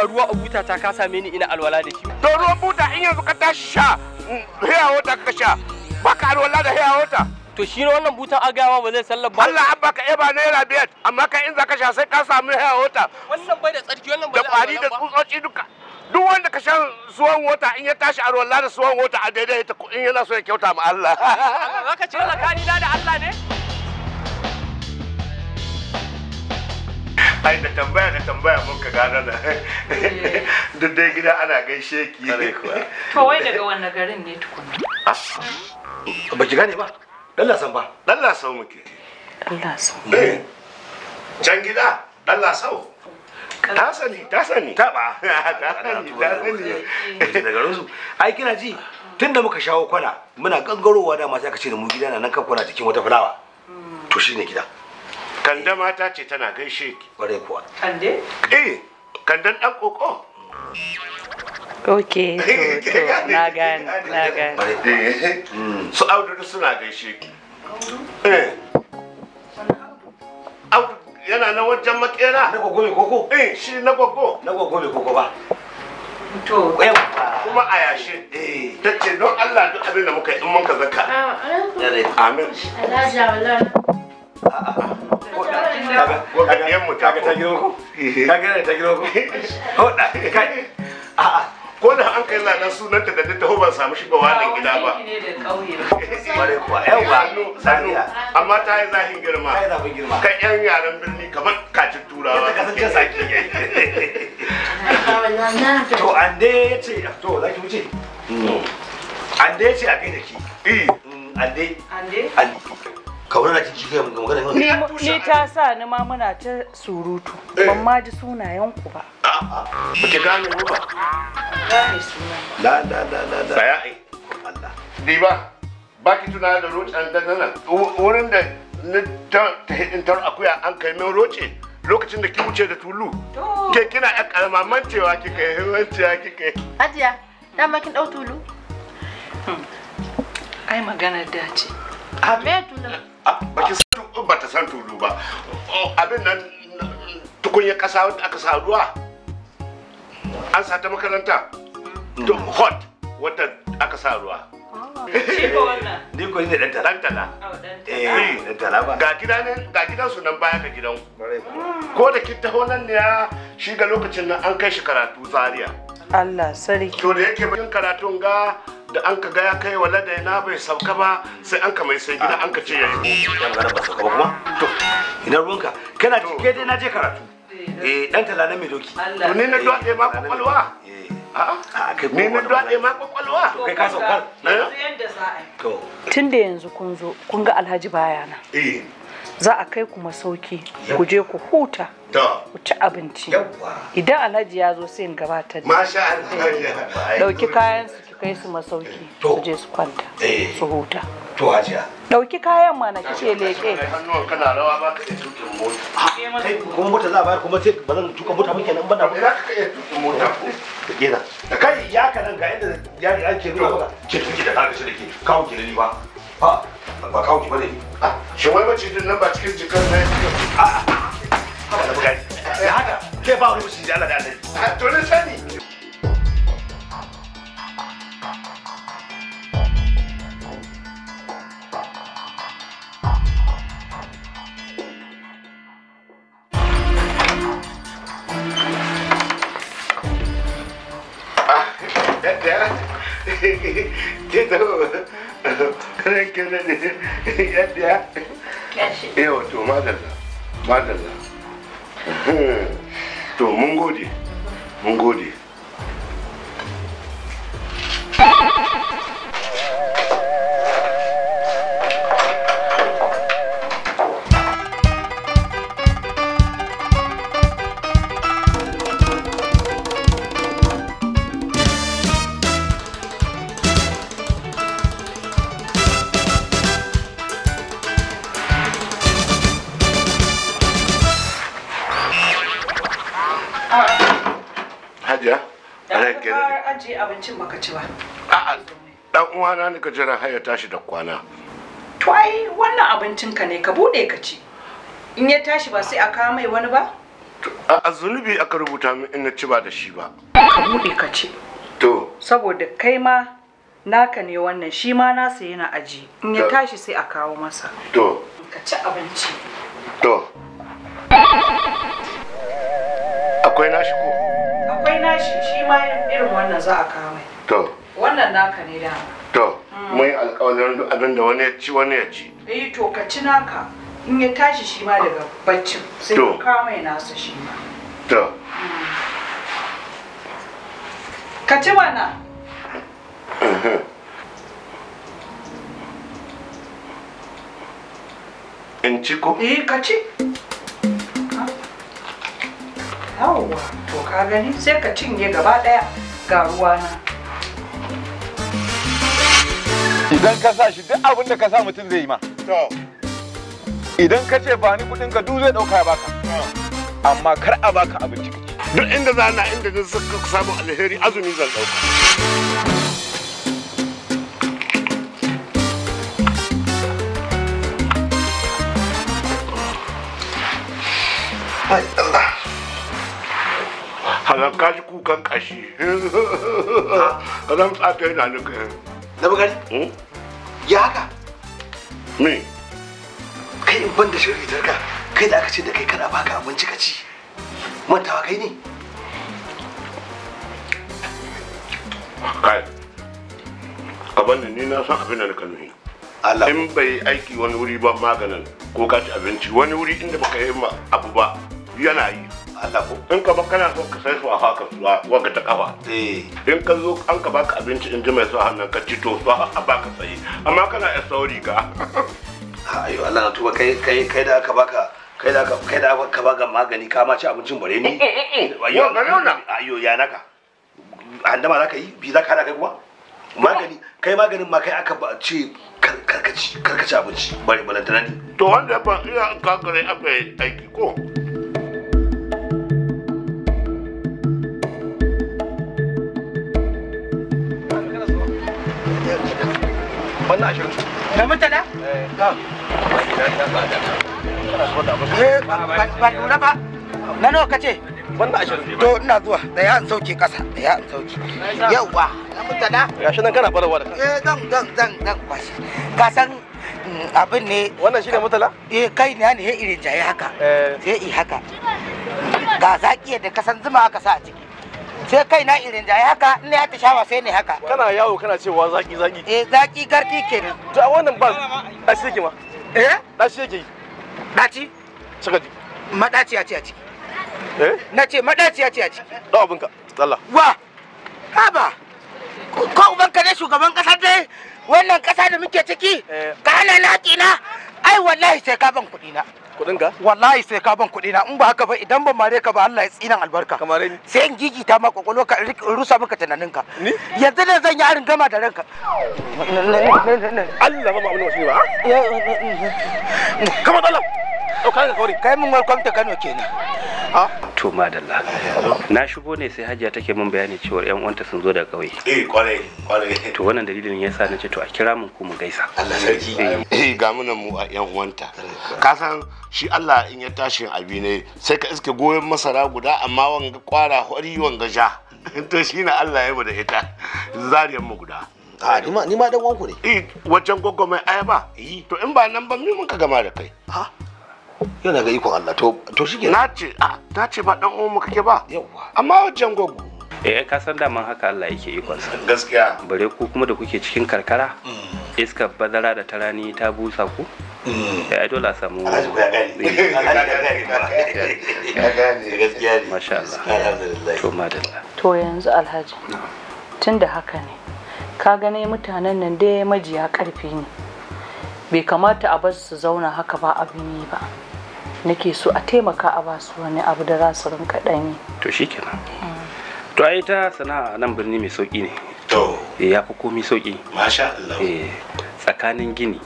ga ruwa a buta ta ka same ni ina alwala da shi to ruwan buta in yanzu ka tashi sha haya wata ka sha baka alwala da haya wata to shi ne wannan butan agawa ba zai sallar ba Allah an baka eba naira biyar amma kai in za ka sha sai ka samu haya wata wannan bai da tsarki wannan bai da kwari da tsutsotsi duka duk wanda ka sha suwan wata in ya tashi alwala da suwan wata a daidai in yana so ya kyauta ma Allah Allah ka ci kani da Allah ne ai da tambaya da tambaya mun ka gano da eh. duk dai gida ana gaishe ki to wai daga wanne garin ne tukuna ah. ba ki gane ba dan lasan ba dan lasan muke dan lasan eh. eh can gida dan lasan ta sani ta sani ta ba ta sani ta sani daga rusu ai kina ji da muka shawo kwana muna gangarowa da masu aka ce da mu gida na nan kan kwana cikin wata fulawa mm. to shine gida kanda mata ce tana gaishe ki ƙware kuwa kande eh kandan dan koko ok to to na gane na gane eh, so audu suna gaishe ki eh audu yana na wajen makera na gogo mai koko eh shi na gogo na gogo mai koko ba to kuma a yashe eh tace don Allah duk abin da muka yi in mun ka zaka ah, amin alhaji wallahi ko da an kai zanen sunan ta da ta ban samu shiga wannan gida ba bare kuwa yau ba saniya amma ta yi zahin girma kan yan yaren birni kamar kacin turawa ta kasance saki to an dai ya ce to za ki wuce an dai ya ce a kai da ki an dai an dai kauna na kinci kai magana yau ni ta sa ni ma muna ta surutu eh. ban ma ji sunayen ku ba a ba ki gane mu ba gane sunan la da da da da. saya ai Allah dai ba ba ki tuna da rocan da nan wurin da ni ta ta hidin tar akuya an kai min roce lokacin da ki wuce da tulu ke kina yan kalmaman cewa kai yi wancewa kika yi hajiya dama kin dau tulu hmm. ai magana dace a ah, me tulu baki san ba ta san tulu ba abin nan tukunyar kasa wanda aka an sata makaranta to hot wadda aka sa ni ko ne dan tala oh, tala eh dan tala ga gidan ga gidan su nan baya ka gidan ko da kin taho nan ne shi ga lokacin nan an kai shi karatu zaria Allah sarki to da yake bakin karatun ga da an ka ga ya kai wala da ladaina bai sauka ba sai an ka mai sai gida an ka ce ya yi ah. yan garin ba sauka ba kuma to ina ruwanka kana cike dai na je karatu eh dan tala na mai doki to ni na dade ma kwakwalwa eh. ah, ah, ni na dade ma kwakwalwa to kai ka sauka eh? to tun da yanzu kun zo kun ga alhaji bayana eh za a kai ku masauki ku je ku huta ku ci abinci idan alhaji ya zo sai in gabatar da dauki kayan su kai su masauki su je su kwanta su huta to hajiya dauki kayan ma na kice leke hannuwan kana rawa ba ka kuma mota za a bayar kuma sai ba tuka mota muke nan ba ba ka iya mota ko da gina da kai ya ka nan ga inda ya ya ke nuna ba da kaga shi da ke kawo ki ni ba ba ba kawo ki ba ne shi wai ba cikin nan ba cikin jikan ne a a ba haka ke ba wani mushi da da Allah to sani ke taho ranke na ne yadda ya yawa to madalla madalla hmm. to mun gode mun gode kwana ka jira har ya tashi da kwana to ai wannan abincin ka ne ka bude ka ci in ya tashi ba sai a kawo mai wani ba a zunubi aka rubuta min in na ci ba da shi ba ka bude ka ci to saboda kai ma naka ne wannan shi ma nasa yana aji in ya tashi sai a kawo masa to ka ci abinci to akwai nashi ko akwai nashi shi ma irin wannan za a kawo mai to wannan naka ne dama to mun yi alƙawarin duk abin da wani ya ci wani ya ci eh to ka ci naka in ya tashi shi ma daga baccin sai ka kama mai nasa shi ma to mm. ka ci mana in ci ko eh ka ci yawwa to ka gani sai ka cinye gaba daya ga ruwana Idan ka sa shi duk abin da ka sa mutum zai yi ma. Idan ka ce ba ni kuɗin ka duk zai ɗauka baka. Amma kar a baka abinci kake. Duk inda za na inda zan suka samu alheri azumi zan ɗauka. Ai Allah. Halarka kukan ƙashi. Halarka tsafiyar da nuka. na bugari hmm? ya haka me kai in ban da shirri tarka kai da aka ce da kai kana baka abinci ka ci mantawa kai ne kai abin da ni na san abin da na kanuhi in bai aiki wani wuri ba maganin ko ka ci abinci wani wuri inda baka yi abu ba yana yi Allah ko in ka kana so ka sai su a haka su wanga ta kafa eh in ka zo an ka baka abinci in ji mai su a hannun ka ci to su a baka tsaye amma kana ya sauri ga ayo Allah na tuba kai kai kai da aka baka kai da kai da aka baka magani ka ma ci abincin bare ni eh, eh, eh, ayo ga wannan ayo ya naka handama zaka yi bi zaka kai kuma magani kai maganin ma kai aka ce karkaci abinci bari balantana ne to wanda ban iya kakare aka yi aiki ko na ashirin mm, na mutala mm, ba lura ba na eh, nawa ashirin to ina zuwa da ya sauke kasa da ya sauke yawa na mutala gashi nan kana farawa da eh zan zan zan zan kwashi ka san abin ne wannan ne mutala eh kai ne ne irin jaye haka sai i haka ga zakiya da kasan zuma aka sa a ciki sai kai na irin jaye haka ina ya shawa sai ne haka kana yawo kana cewa zaki zaki eh zaki garki kenan to a wannan ba da shi yake ma eh da shi yake daci saka ji madaci a ci a ci eh na ce madaci a ci a ci da ka tsalla wa haba ko ubanka ne shugaban kasa dai wannan kasa da muke ciki eh. ka hana na ai wallahi sai ka ban kuɗi na kuɗin ka wallahi sai ka ban kuɗi na in ba haka ba idan ban mare ka ba Allah ya tsinan albarka kamar ni sai in gigita ma kokolo ka rusa maka tunanin ka ni yanzu ne zan yi arin gama da ranka Allah ba ma abin da ba shi ba eh, eh, eh, kamar Allah ɗaukar ka kauri kai mun welcome to Kano kenan to madalla na shigo ne sai hajiya take min bayani cewa yan uwanta sun zo daga kauye eh kwarai kwarai to wannan dalilin yasa nace to a kira mun ku mu gaisa Allah sarki eh, eh ga mu nan mu a yan uwanta ka san shi Allah in ya tashi abi ne sai ka iske goyon masara guda amma wanga kwara hori wanga ja to shi na Allah ya mu da ita zariyan mu guda a ah, ni ma dan wanku ne eh wancan gwagwamai ayaba eh. to in ba nan ba mi mun ka gama da kai ha yau na ga ikon Allah to to shike na ce ta ce ba dan uwan mu kake ba yawa amma wajen gogo eh ka san daman haka Allah yake ikon sa gaskiya bare ku kuma da kuke cikin karkara mm. iska bazara da tarani ta busa ku mm. eh, ai dole a samu gaskiya ne masha Allah to madalla to yanzu alhaji tunda haka ne ka gane mutanen nan dai majiya karfi ne bai kamata a bar su zauna haka ba abin yi ba nake so a taimaka a su wani abu da za su rinka ɗanyi to shikenan to ai ta sana'a nan birni mai sauki ne to eh, ya fi komi sauki masha Allah eh, tsakanin gini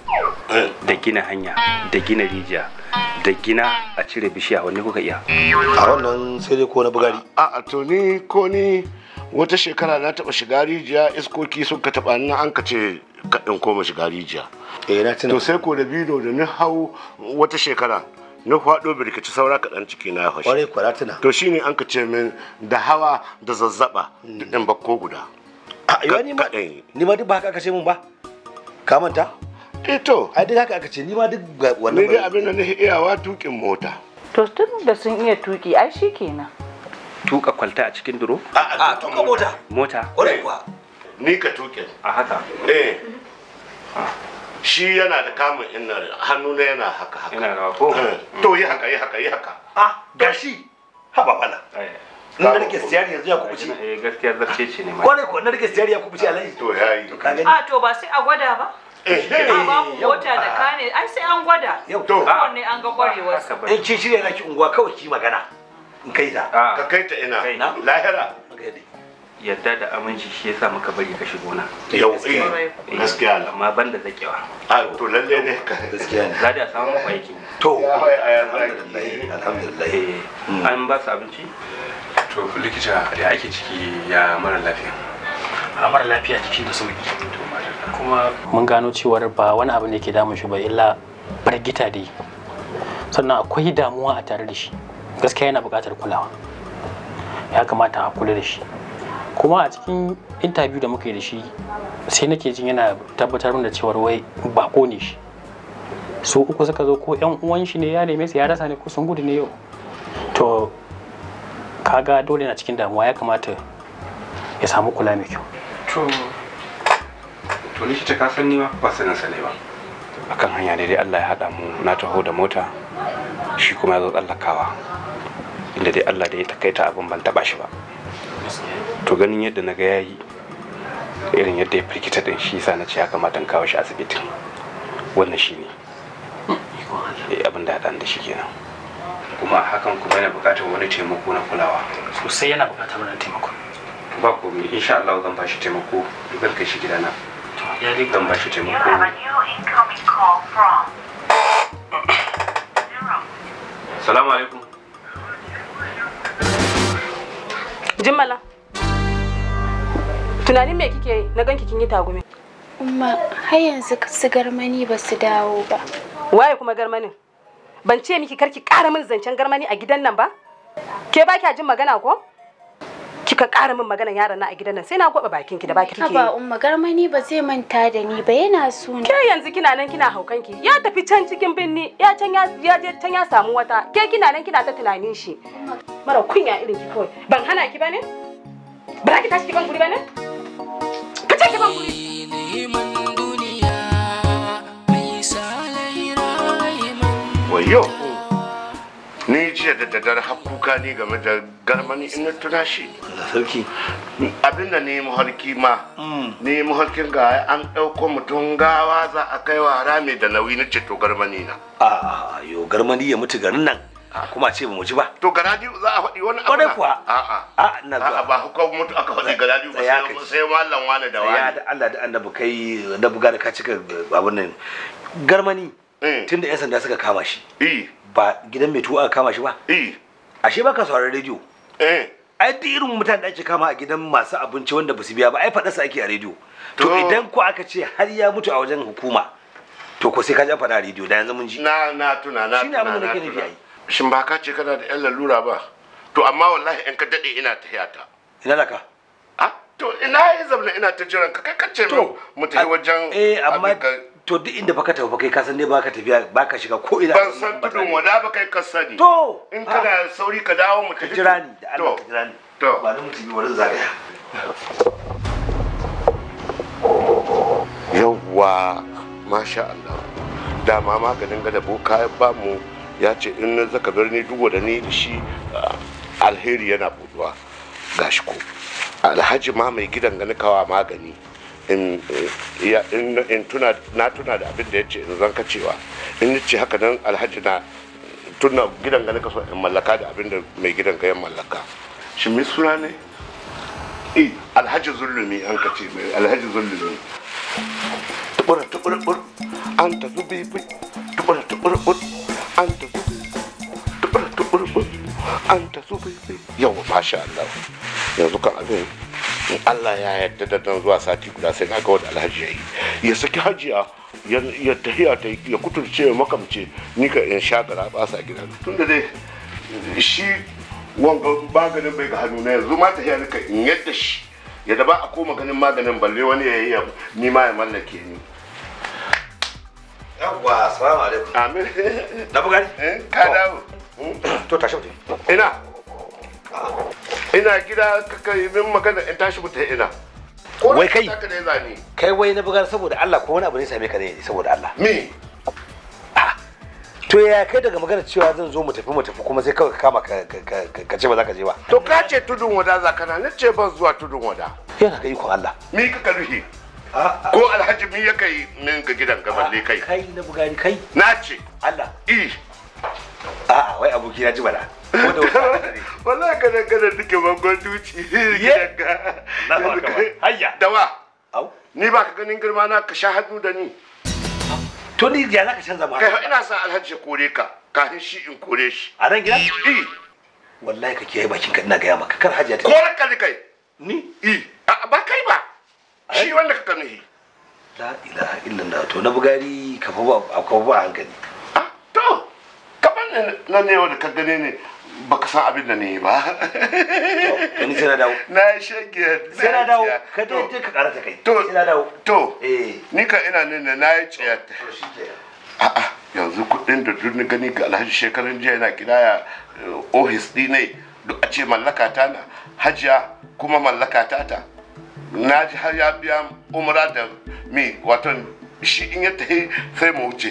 hmm. da gina hanya da gina rijiya da gina a cire bishiya wanne kuka iya a wannan sai dai ko na bugari a to ni ko ni wata shekara na taba shiga rijiya iskoki sun ka taba nan an ka ce kaɗin koma shiga rijiya eh, to sai ko da bido da ni hau wata shekara na faɗo birkici saura kaɗan ciki na fashi ƙwarai kwaratuna to shine an ka ce min da hawa da zazzaba mm. duk ɗan bakko guda ah, ni ma duk ba haka aka ce min ba ka manta eh to ai duk haka aka ce ni ma duk wannan ni dai abin da na iyawa tukin mota to tun da sun iya tuki ai shi kenan tuka kwalta a cikin duro a ah, ah, tuka mota mota ƙwarai kuwa ni ka tukin a haka eh shi yana da kamun ina hannu na yana haka haka ina na ko eh. mm. to yi haka yi haka yi haka ah gashi haba bala eh. na rike siyar yanzu ya kubuci eh gaskiya zarce ce ne ma ko na rike siyar ya kubuci alai to yayi a ah, to ba sai a gwada ba eh a ba eh. wata da kane ai sai an gwada to wanne an ga kwarewar in ci shirye na ki unguwa kawai ki magana in kai ta ah. ka kai ta ina lahira ka kai yadda da aminci shi yasa muka bari ka shigo nan yau eh, eh gaskiya ne amma zakewa a ah, to lalle ne ka gaskiya ne za da samu muku aiki to alhamdulillah eh. alhamdulillah eh, an ba su abinci to likita da ake ciki ya mara lafiya a mara lafiya cikin da sauki kuma mun gano cewa ba wani abu ne ke damun shi ba illa fargita dai sannan akwai damuwa a tare da shi gaskiya yana buƙatar kulawa ya kamata a kula da shi kuma a cikin interview da muka yi da shi sai nake jin yana tabbatar da cewa wai bako ne shi su uku suka zo ko yan uwan shi ne ya neme su ya rasa ne ko sun gudu ne yau to kaga dole na cikin damuwa ya kamata ya samu kula mai kyau to to shi ka san ni ba ba sanin sa ne ba akan hanya dai Allah ya hada mu na taho da mota shi kuma ya zo tsallakawa inda dai Allah da ya takaita abin ban taba shi ba to ganin yadda na ga yayi irin yadda ya firkita din shi sa na ce ya kamata in kawo shi asibitin wannan shi ne eh, abin da haɗa da shi kenan kuma hakan kuma yana buƙatar wani taimako na kulawa sosai yana buƙatar wani taimako ba komai insha Allah zan ba shi taimako zan kai shi gidana zan ba shi taimako salamu alaikum Jimmala. Tunanin me kike na ganki kin yi tagumi? Umma, har yanzu su garmani ba su dawo ba. Waye kuma garmanin? Ban ce miki kar ki ƙara min zancen garmani a gidan nan ba? Ke ba kya jin magana ko? kika ƙara min magana yaron na a gidan nan sai na goba bakin ki da baki kike ba um garma ni ba zai manta da ni ba yana so ke yanzu kina nan kina haukan ki ya tafi can cikin binni ya can ya je can ya samu wata ke kina nan kina ta tunanin shi mara kunya irin ki kawai ban hana ki bane ba za ki tashi ki ban guri bane Ka ki ban guri Wayo! ni jiya da daddare har kuka ne game da garmani in na tuna shi sarki abinda ne muhalki ma mm. ne muhalkin ga an ɗauko mutum gawa za a kai wa harami da nauyi na ce to garmani na a ah, yo garmani ya mutu garin nan ah. kuma ce ba mu ji ba to garadi za a faɗi wani abu kuwa a a ah, a na zuwa ba hukum mutu aka faɗi garadi ba sai mallan wani da wani ya da Allah da annabi kai da buga da ka cika abun nan garmani eh. tunda yan sanda suka kama shi eh ba gidan mai tuwa kama shi ba eh ashe baka sauraron rediyo eh ai duk irin mutane da ake kama a gidan masu abinci wanda basu biya ba ai faɗa ake a rediyo to idan ko aka ce har ya mutu a wajen hukuma to ko sai ka ja faɗa a rediyo da yanzu mun ji na na tuna na tuna nufi ai. shin ba ka ce kana da yan lalura ba to amma wallahi in ka dade ina ta tahiyata ina laka a ah, to ina yi zamna ina ta jiran ka kai ka ce mu tafi wajen eh amma to duk inda baka tafi kai ka san dai baka tafiya baka shiga ko ina ban san tudun wada baka kai ka sani to in kana sauri ka dawo mu ka jira ni da Allah ka jira ni to ba mu tafi wurin zagaya yawwa masha Allah dama maganin da boka ba mu ya ce in na zaka birni duwa da ni da shi alheri yana buduwa gashi ko alhaji ma mai gidan gani kawa magani in tuna na tuna da abin da ya ce in zanka cewa in ni ce haka nan alhaji na tuna gidan ga nika so in mallaka da abin da mai gidan ga ya mallaka shi mai suna ne eh, alhaji zulumi an ka ce mai alhaji zulumi Tukura tukura bur an ta zubi bi tukura tukura, bur an ta zubi tukura tukura bur an ta zubi bi yawa masha Allah yanzu kan abin in Allah ya yarda da nan zuwa sati guda sai ga wanda alhaji ya yi ya saki hajiya ya tahiya ta ya kuturce makamce ni ka in sha gara sa gida tun da dai shi wanga maganin bai ga hannu na yanzu ma tahiya nika in yadda shi ya da ba a koma ganin maganin balle wani ya yi ni ma ya mallake ni yawwa assalamu alaikum amin na bugari eh, ka dawo to tashi ina ina gida kaka yi min magana in tashi mu ta ina wai kai kai wai na bugar saboda Allah ko wani abu ne same ka ne saboda Allah me ah, to ya kai daga magana cewa zan zo mu tafi mu tafi kuma sai kawai ka kama ka ce ba za ka je ba to ka ce tudun wada za kana na ce ban zuwa tudun wada yana ga ikon Allah mi ka ruhi ah, ah. ko alhaji mi ya kai min ga gidan gaballe kai kai na bugari kai na ce Allah i a wai abokina na ji bala ko da wata wallahi kana kana duke bangon duci gidanka na ba ka hayya dawa au ni ba ka ganin girma na ka sha hannu da ni to ni ya zaka canza ba kai ina sa alhaji kore ka kafin shi in kore shi a nan gida eh wallahi ka kiyaye bakin ka ina gaya maka kar hajiya ta kore ka kai ni eh ba kai ba shi wanda ka kanu kanuhi la ilaha illallah to na bugari ka fa ba ka ba hankali ah, to kaman nan ne wanda ka gane ne baka san abin da ne ba to ni sai na dawo na shege sai na dawo ka dai je ka karata kai to sai na dawo to eh ni ka ina nan na yi ciyar to shike a yanzu kudin da duk ni gani ga Alhaji shekarun jiya yana kidaya eh, office din ne duk a ce mallaka ta na hajiya kuma mallaka ta ta na ji har ya biya umra da mi wato shi in ya tafi sai mu wuce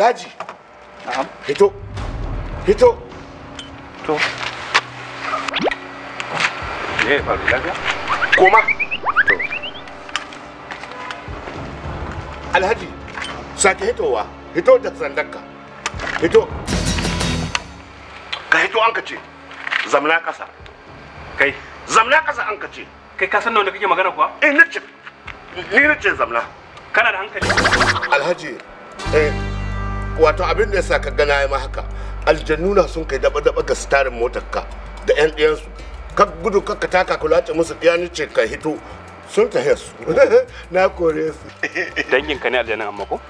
alhaji hito hito to ne eh, faru lafiya koma to alhaji sake hitowa hito da sandanka hito ka hito an ka ce zamna kasa kai zamna kasa an ka ce kai ka san da kake magana kuwa eh nace ni nace zamna kana da hankali alhaji eh wato abin da ya sa ka gana ya ma haka aljannuna sun kai daba-daba ga starin ka da 'yan su ka gudu ka taka kula lace musu ɗiyani ce ka hito sun ta su na kore su ka ne aljannan amma ko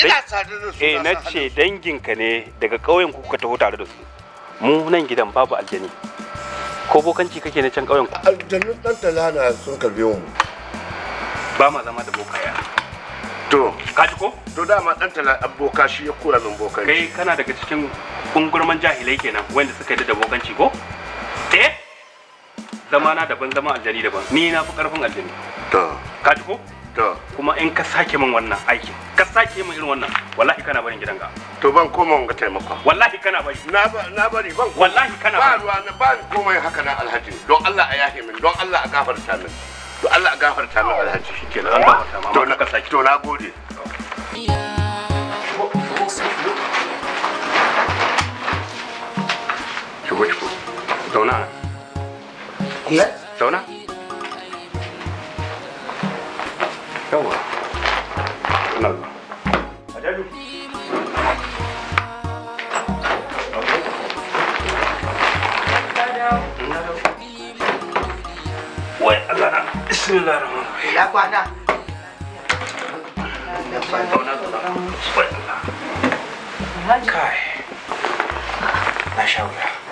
ina da su eh na ce dangin ka ne daga kauyen ku ka taho tare da su mu nan gidan babu aljani ko bokanci kake na can kauyen ku aljannun dan talana sun karbe mu ba ma zama da bokaya to kaji ko to dama dan tala aboka shi ya kura min bokan kai kana daga cikin kungurman jahilai kenan wanda suka yi da bokanci ko eh zama na daban zama aljani daban ni na fi karfin aljani to kaji ko to kuma in ka sake min wannan aikin ka sake min irin wannan wallahi kana barin gidanka to ban koma wanga taimako wallahi kana bari na na bari ban wallahi kana ba ruwa na ba komai haka na alhaji don Allah a yahe min don Allah a gafarta min to Allah gafarta min alhaji shikenan an gafarta ma to na to na gode shigo shigo zauna zauna yawa bismillahirrahmanirrahim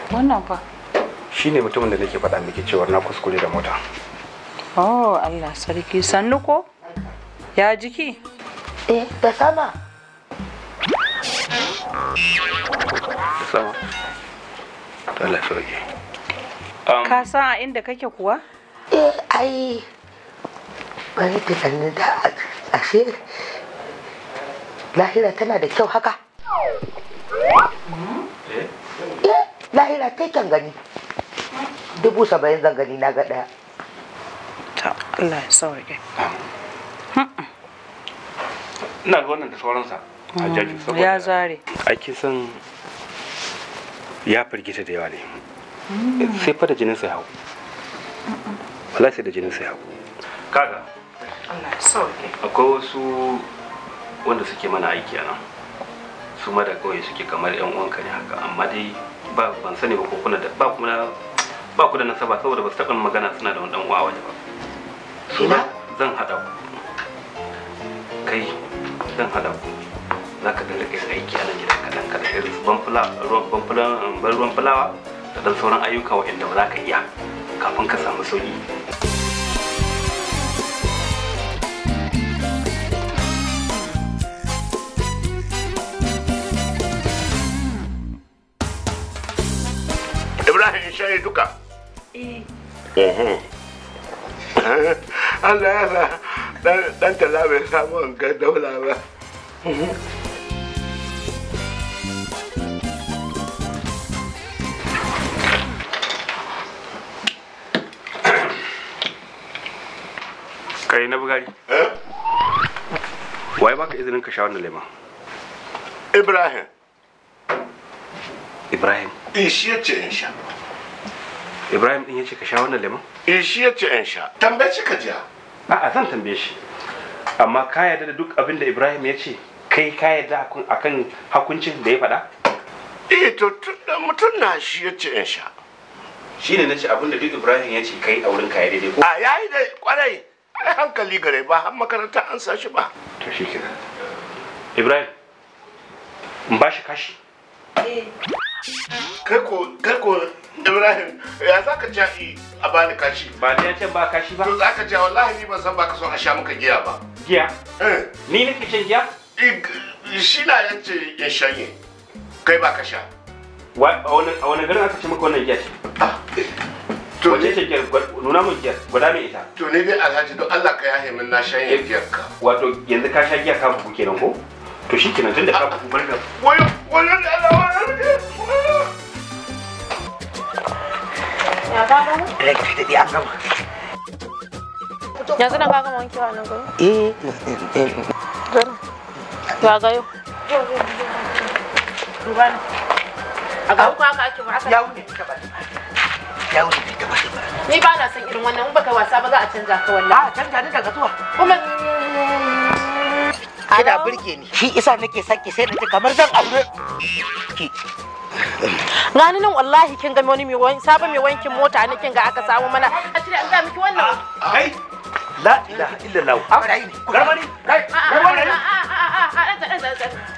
wannan fa shi ne mutumin da nake faɗa miki cewar na kuskure da mota oh allah sarki sannu ko ya jiki eh da sama sama um, ka san a inda kake kuwa eh ai bari tunanin da ashe lahira tana da kyau haka eh? Eh, lahira ta kyan gani dubu saba'in zan gani na ga ɗaya Allah ya sauke hmm. ina ga wannan da sauransa hmm, ya zare ake son ya firgita da yawa ne hmm. sai fa da jinin sai hau Wala sai da jinin sai hau kaga akwai wasu wanda suke mana aiki a nan su ma da kawai suke kamar yan uwanka ne haka amma dai ba ban sani ba ko kuna da ba kuma ba ku da nasaba saboda ba su taɓa magana suna da wani uwa waje ba su ma zan haɗa ku kai zan haɗa ku za ka dinga kai aiki a nan gidan kaɗan kaɗan irin su ban fulawa da ɗan sauran ayyuka waɗanda ba za ka iya kafin ka samu sauƙi lillahi in shayi duka eh. Eh. Allah ya sa dan tala bai samu ga daula ba kai na bugari eh? wai baka izinin ka sha wannan ibrahim ibrahim in shi yace in sha ibrahim din yace ka sha wannan lemon eh shi yace in sha tambaye shi ka jiya a'a zan tambaye shi amma ka yarda da duk abin da ibrahim ya ce kai ka yarda akan hakuncin da ya faɗa eh to mutum na shi yace in sha Shi na nace abin da duk ibrahim ya ce kai a wurin ka daidai ko a yayi da kwarai ai hankali gare ba har makaranta an sa shi ba to shi kenan ibrahim in ba shi kashi eh. kai ko kai ko Ibrahim ya za ka ja a bani kashi. Ba ni ce ba kashi ba. To za ka ja wallahi ni ban san ba ka son a sha maka giya ba. Giya? Ni ke shan giya? Shi na yace ya shanye. Kai ba ka sha. A wani garin aka ce maka wannan giya ce? To ne ce giyar nuna mun giya guda mai ita. To ne dai alhaji don Allah ka yahe min na shanye giyar ka. Wato yanzu ka sha giya ka buku kenan ko? To shi kenan tun da ka buku Wayo wayo Allah ya daɗi an gama. Yanzu na gama wanke wa nan gari? Eh. Gari. Ya gayo. Duba na. A ga uku haka ake wa Ya wuce ta bari. Ya wuce ta bari. Ni ba na son irin wannan in baka wasa ba za a canza ka wallahi. A canza ni daga zuwa. Kuma Kina burge ni. Shi isa nake son ki sai da kamar zan aure ki. gani nan wallahi kin ga wani mai sabon mai wankin mota ne kin ga aka samu mana a tare an ga miki wannan kai la ilaha illallah barayi ne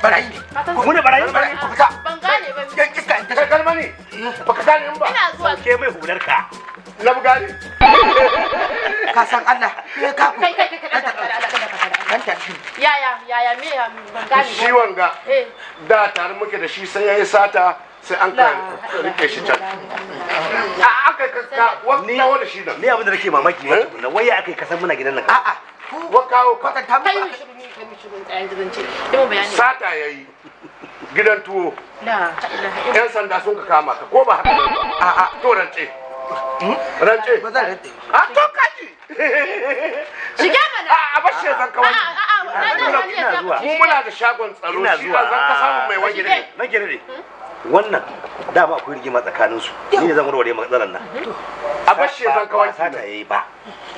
barayi ne ku barayi ne ku fita ban gane ba in ta gane in ba ina zuwa ke mai hular ka gane ka san Allah kai me ban gane shi wanga da tare muke da shi sai yayi sata sai an ka rike shi can a aka ka wani shi da ni abin da nake mamaki ne eh? tukunna waya aka ka san muna gidan nan a'a wa kawo kwata ta mai sata yayi gidan tuwo yan sanda sun ka kama ka ko ba haka a'a to rance hmm? rance ba zan rance a to kaji shiga mana a bashi zan kawai mu muna da shagon tsaro shi zan ka samu mai wani gidan na wannan dama akwai rigima tsakanin su ni ne zan warware matsalar nan a bashi ya zan kawai ta yayi ba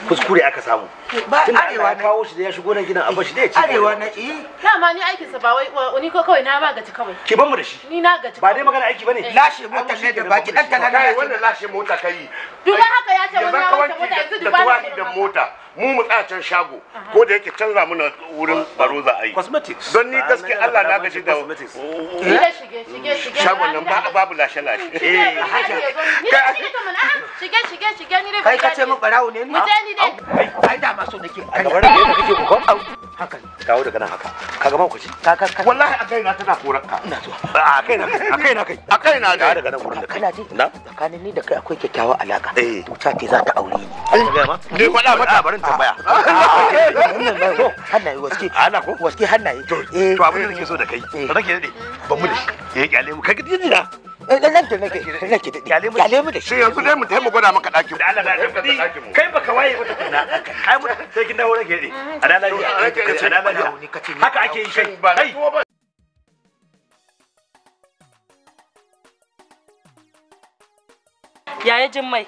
kuskure aka samu tun arewa na kawo shi da ya shigo nan gidan a bashi da ya ci arewa na ki na ma ni aikin sa ba wai ni ko kawai na ma gaci kawai ki ban mu da shi ni na gaci ba dai magana aiki bane lashe mota ne da baki dan kana lashe wannan lashe mota kai duk haka ya ce wannan mota yanzu duba da mota mu mu tsaya can shago ko da yake canza mana wurin baro za a yi cosmetics don ni gaske Allah na gaji da eh? shago nan babu lashe lashe eh haka shige shige shige ni dai kai ka ce mu barawo ne ni ai ai da ma so nake a gaban da kake kokon au haka dawo daga nan haka kaga ma ku ci ka ka wallahi a kai na tana korar ka ina zuwa a kai na a kai na kai a kai na da daga nan wurin da kai na tsakanin ni da kai akwai kyakkyawar alaka eh. to ta ke za ta aure ni ni faɗa mata zan tambaya oh, hannaye waske ana ko waske hannaye to eh. abin da nake so da kai eh. rage ne mu da shi eh kyale mu eh, nan nake nake da kyale mu da shi yanzu dai mu gwada maka da Allah ya tabbata mu kai waye kai mu sai kin dawo rage ne haka ake yi kai yaya jin mai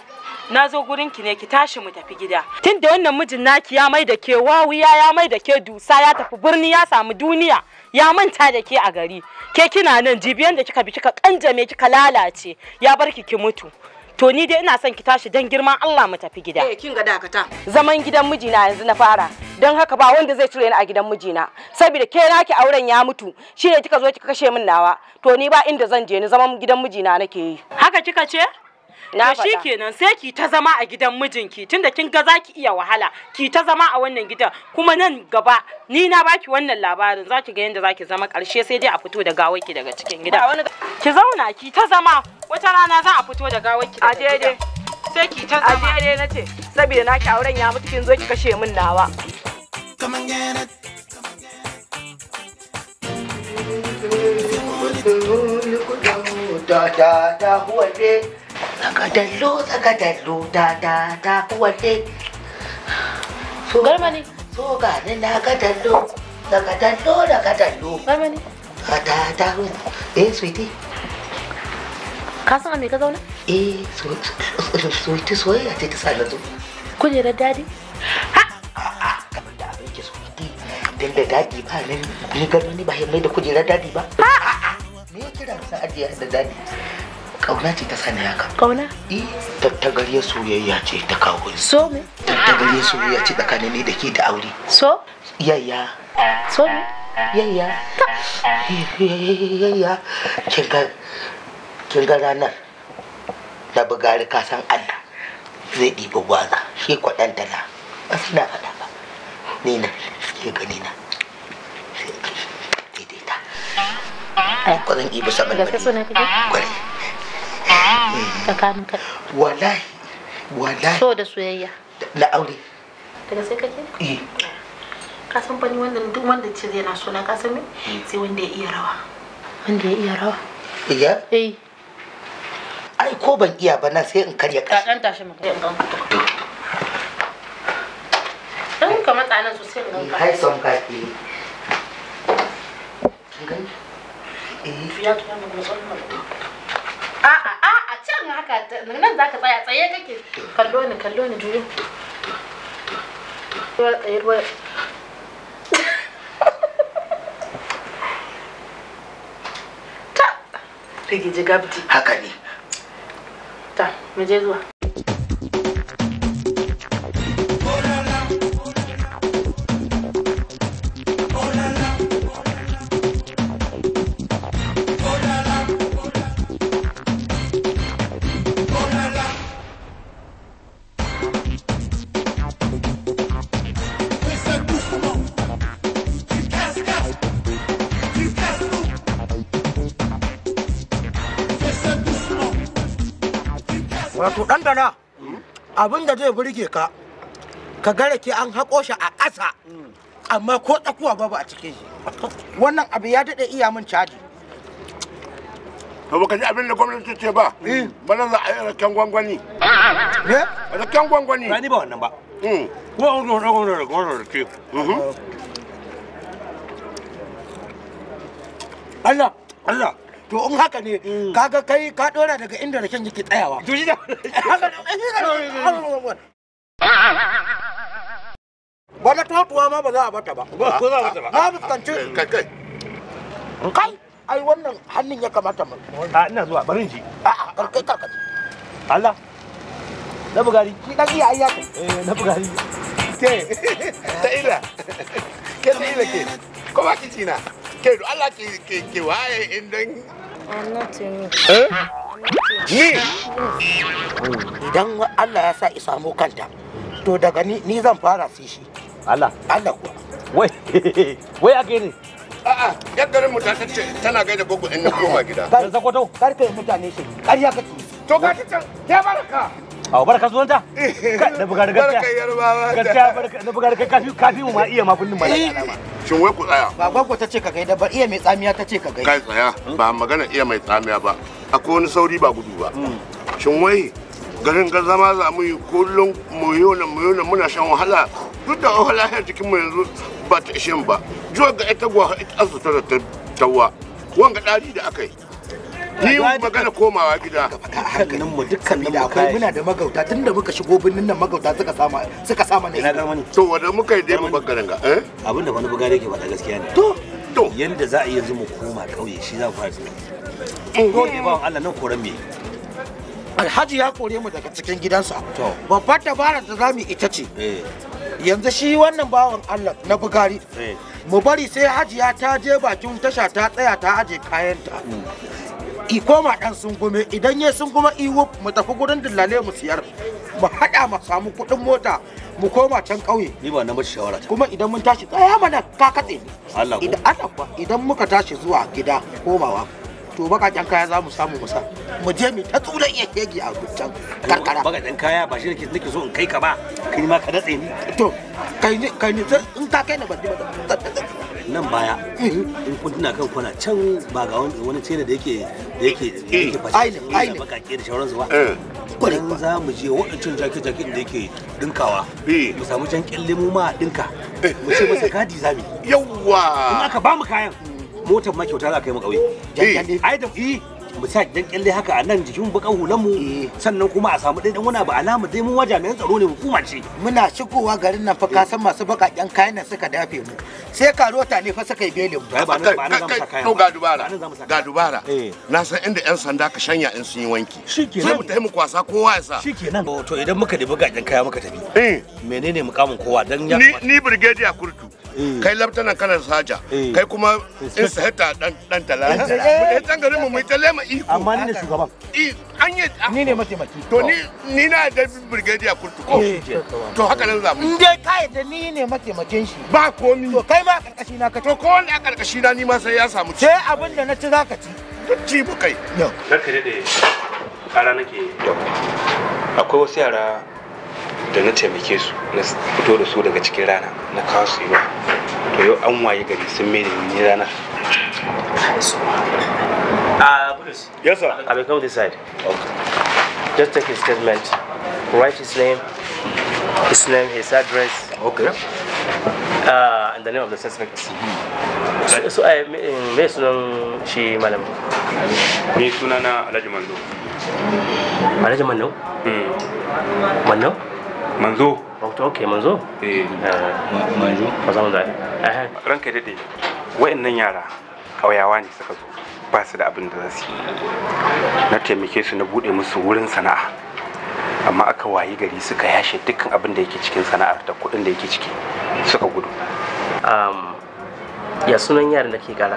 na zo gurin ki ne ki tashi mu tafi gida tun wannan mijin naki ya mai da ke wawiya ya mai da ke dusa ya tafi birni ya samu duniya ya manta da ke a gari ke kina nan jibiyan da kika bi kika kanjame kika lalace ya bar ki mutu to ni dai ina son ki tashi dan girman Allah mu tafi gida eh kin ga dakata zaman gidan mijina yanzu na fara dan haka ba wanda zai cire ni a gidan mijina saboda ke naki auren ya mutu shi ne kika zo kika kashe min nawa to ni ba inda zan je ni zaman gidan mijina nake yi haka kika ce na shi kenan sai ki ta zama a gidan mijinki tunda kin ga zaki iya wahala ki ta zama a wannan gidan kuma nan gaba ni na baki wannan labarin za ki ga yadda ki zama karshe sai dai a fito da gawarki daga cikin gida ki zauna ki ta zama wata rana za a fito da gawarki daga gida a daidai sai ki ta zama a daidai nace saboda naki auren ya mutu kin zo ki kashe min nawa da tsagadallo tsagadallo da da da wanne so garma ne so ga ni na gadallo tsagadallo da gadallo garma ne da da da eh sweetie ka san me ka zauna eh sweetie soyayya ce ta sa na zo kujerar dadi din da dadi ba nan ni gano ni ba mai da kujerar dadi ba me ya kira sa ajiya da dadi Ƙauna ce ta sani haka kauna eh tattagariyar soyayya ce ta kawo so me tattagariyar soyayya ce tsakanin ni da ke da aure so yayya so me yayya yayya kin ga ranar da bugari ka san Allah zai ɗiba gwaza shi kwaɗanta na ba su na faɗa ba ni na ke gani na daidaita ko zan ɗiba saman gari tsakanin kai wallahi wallahi so da soyayya la aure daga sai kake eh. ka san fani wanda duk wanda ce zai na suna ka san me hmm. sai wanda ya iya rawa wanda ya iya rawa iya eh ai ko ban iya ba na sai in karya ka dan tashi in dan ka matsa nan in eh, hai son ka kin gani eh fiya mun a'a a can haka nan ka tsaya tsaye kake kallo ni kallo ni ta rigiji gabdi haka ne ta mu je zuwa wato ɗandana abin da zai burge ka ka ga rake an haƙo shi a ƙasa amma ko tsakuwa babu a cikin shi wannan abu ya daɗe iya min caji ba ka ji abin da gwamnati ce ba eh. ba za a yi raken gwangwani raken gwangwani ba ni ba wannan ba ko an zo ragon da ragon da rake mm-hmm. Allah Allah to in haka ne mm. kaga kai ka dora daga inda raken yake tsayawa to shi da wani tatuwa ma ba za a bata ba ko za a bata ba na fuskanci eh, kai kai kai ai wannan hannun ya kamata mu a ina zuwa barin shi a karkai karkai Allah na bugari ki dan iya ayyaka eh na bugari ke ta ila ke ila ke ko ba ki tina ke Allah ke ke ke waye indan Ni? Eh? Idan Allah ya sa isa mu kanta, to daga ni ni zan fara sai shi. Allah. Allah kuwa. Wai, wai ake ne? A'a, yan garin mu ta ce tana gaida gogo in na koma gida. Kar zakwato. Kar kai mutane shi. Ƙarya kake. To ka ta can, ke baraka. Awo barka sunanta? Da eh, buga da gaskiya. Barka yarbawa. Gaskiya barka da buga da kai kafi kafi ma iya ma kundin malaka eh. alama. Shin wai ku tsaya? Ba gwaggo tace ka gaida ba iya mai tsamiya tace ka gaida. Kai tsaya ba magana iya mai tsamiya ba. Akwai wani sauri ba gudu ba. Hmm. Shin wai garin ga zama za mu yi kullum mu yi wannan mu yi wani muna shan wahala duk da wahala ya jikin mu yanzu ba ta ishe ba. Jiwa ga ita gwa ita azuta da tawa. Wanga ɗari da aka yi. yi magana komawa gida ka faɗa a hankalin mu dukkan mu akwai muna da magauta tunda muka shigo birnin nan magauta suka sama suka sama ne ina to wanda muka yi dai mu bakaranga eh abin da wani buga yake faɗa gaskiya ne to to yanda za a yi yanzu mu koma kauye shi za mu fara tunani ko ne ba Allah nan koran me Alhaji ya kore mu daga cikin gidansa. Babbar dabarar da zamu ita ce. Eh. Yanzu shi wannan bawan Allah na bugari. Eh. Mu bari sai hajiya ta je bakin tasha ta tsaya ta aje kayanta. Mm. i koma dan sungume idan ya sunguma iwo mu tafi gurin dillale mu siyar mu hada mu samu kuɗin mota mu koma can ƙauye ni ba na mace shawara kuma idan mun tashi tsaya mana ka katse Allah idan Allah kuwa idan muka tashi zuwa gida komawa to baka bakaken kaya za mu samu musa mu je mu ta iya kegi a gutan karkara baka bakaken kaya ba shi nake so in kai ka ba kai ma ka datse ni to kai ni kai ni in ka kai na ba ni ba nan baya in kun tuna kan kwana can ba ga wani tsere da yake da yake yake eh. fashe da bakake da shauransu ba eh. za mu je waɗancan jaket-jaket da yake dinkawa eh. mu samu can kyalle mu ma dinka mu ce masa gadi zami yawwa in aka ba mu kayan motar ma kyauta za ka yi mu kauye ai da yi mu sa dan kyalle haka a nan jikin bakan hulan mu sannan kuma a samu dai dan wani abu alama dai mun wa jami'an tsaro ne hukuma ce muna shigowa garin nan fa ka san masu bakakken kayan nan suka dafe mu sai karota ne fa suka yi belin mu ba nan ba nan ga dubara ga dubara na san inda yan sanda ka shanya in sun yi wanki shikenan sai mu tafi mu kwasa kowa ya sa shikenan to idan muka dibi gajen kaya muka tafi menene mukamin kowa dan ya ni brigadier kurtu Eh. kai laftanan kana saja eh. kai kuma inspector dan dan tala eh. mu dai tan garin mu mu ta lema iko amma ni ne shugaban an yi ni ne mataimaki to ni ni na da brigadier kurtu ko to haka nan zamu inde kai da ni ne mataimakin shi ba komi to kai ma karkashi na ka to ko wanda karkashi na ni ma sai ya samu ce abin da na ci zaka ci ci mu kai yau ka dade kara nake yau akwai wasu yara da na taimake su na fito da su daga cikin rana na kawo su yiwa to yau an waye gari sun mai da yi rana ah, Yes, sir. I will come this side. Okay. Just take his statement. Write his name, his name, his address. Okay. Uh, and the name of the suspect. Mm-hmm. So, so I eh, may eh, sunan shi malam. Me sunana Alhaji Mando. Alhaji Mando? Mm. Mando? manzo ok manzo eh, eh manzo ka da eh, eh. ranka daidai wayannan yara kauyawa ne suka zo ba su da abin da za su yi na taimake su na bude musu wurin sana'a amma aka wayi gari suka yashe dukkan abin da yake cikin sana'ar da kuɗin da yake ciki suka gudu ya sunan yaran da ke gara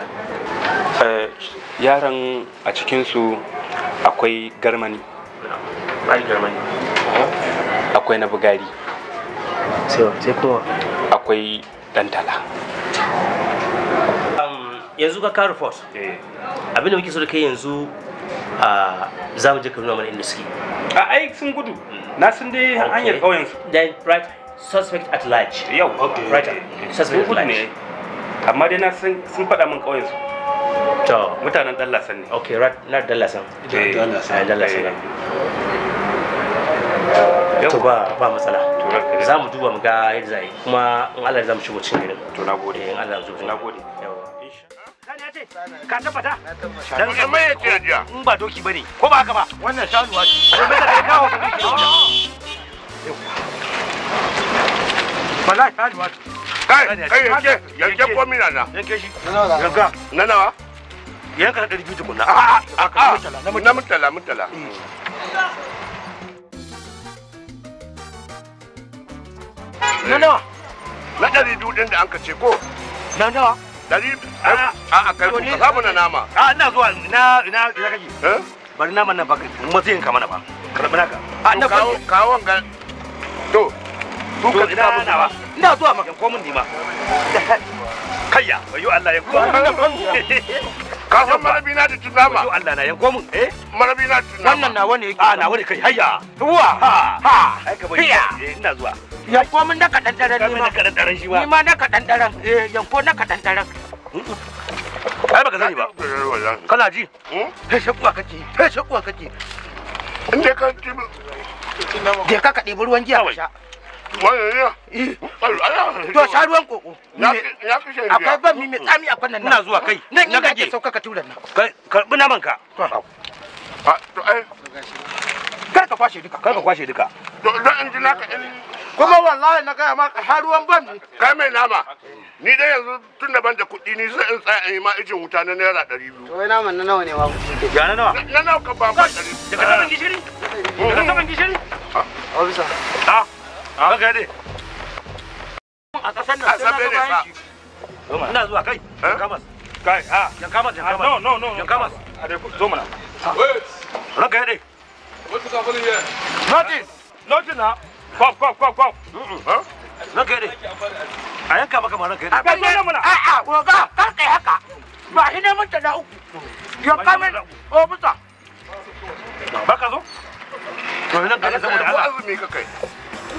yaran a cikinsu akwai garmani garmani akwai na bugari sai kowa akwai dantala um, yanzu ka kawo report eh. abin da muke so da kai yanzu za mu je ka nuna mana inda suke a ai sun gudu hmm. na sun dai hanyar kauyen yanzu. then right suspect at large yau okay right suspect at large amma dai na sun faɗa min kauyen su to mutanen dallasan ne okay right na dallasan eh. Eh, dallasan dallasan to ba ba matsala za mu duba mu ga yadda za yi kuma in Allah ya mu shigo cikin gidan to nagode eh, in Allah ya zo nagode ka tabbata dan in ba doki bane ko ba haka ba wannan ce kawo ka wallahi ce kai kai yanke yanke ko mina na yanke shi yanka yanka da tukunna a a a na ah, ah, ah, mutala mutala mm. na nawa na ɗari dudin da an ka ce ko na nawa ɗari a a kai ku ka samu na nama a ina zuwa ina ina ina kake bari nama na baka matsayin ka mana ba karɓi naka a na kawo kawo ga to su ka ina musu ba ina zuwa maka komun ne ma kayya wayo Allah ya kuma ka san marabi na da tunama ma. Allah na yanko mun eh marabi na da wannan nawa ne yake a ah, nawa ne kai hayya tuwa ha ha ai ka bari eh, ina zuwa yanko mun na kadan daren ne ma kadan daren shi ma ni ma na kadan daren eh yanko na kadan daren ai baka sani ba kana ji hmm? kai shakuwa kake kai shakuwa kake inda ka ji je ka ka ruwan giya ka sha To sha zuwa ka ka. kwashe duka. ka kwashe duka. To kuma wallahi na gaya maka har ruwan ban Kai mai nama. Ni dai yanzu tun da ban da kuɗi ni sai in tsaya ma ijin wuta na naira ɗari biyu. To wai na nawa ne ma kuɗi? Ya na nawa? Na nawa ka ba ba ɗari. Daga saman gishiri? Daga saman gishiri? Ofisa. Ah. a gade a ƙasar nan sai na ga shi ina zuwa kai eh? kamas kai a yan kamas ah, yan kamas no no no yan kamas a dai zo mana wait ranka yade what is happening here nothing nothing ha kwaf kwaf kwaf kwaf ranka yade a yanka maka ma ranka a kai zo mana a a roga kar kai haka ba shi ne mun tada uku baka zo to ga Allah azumi ka kai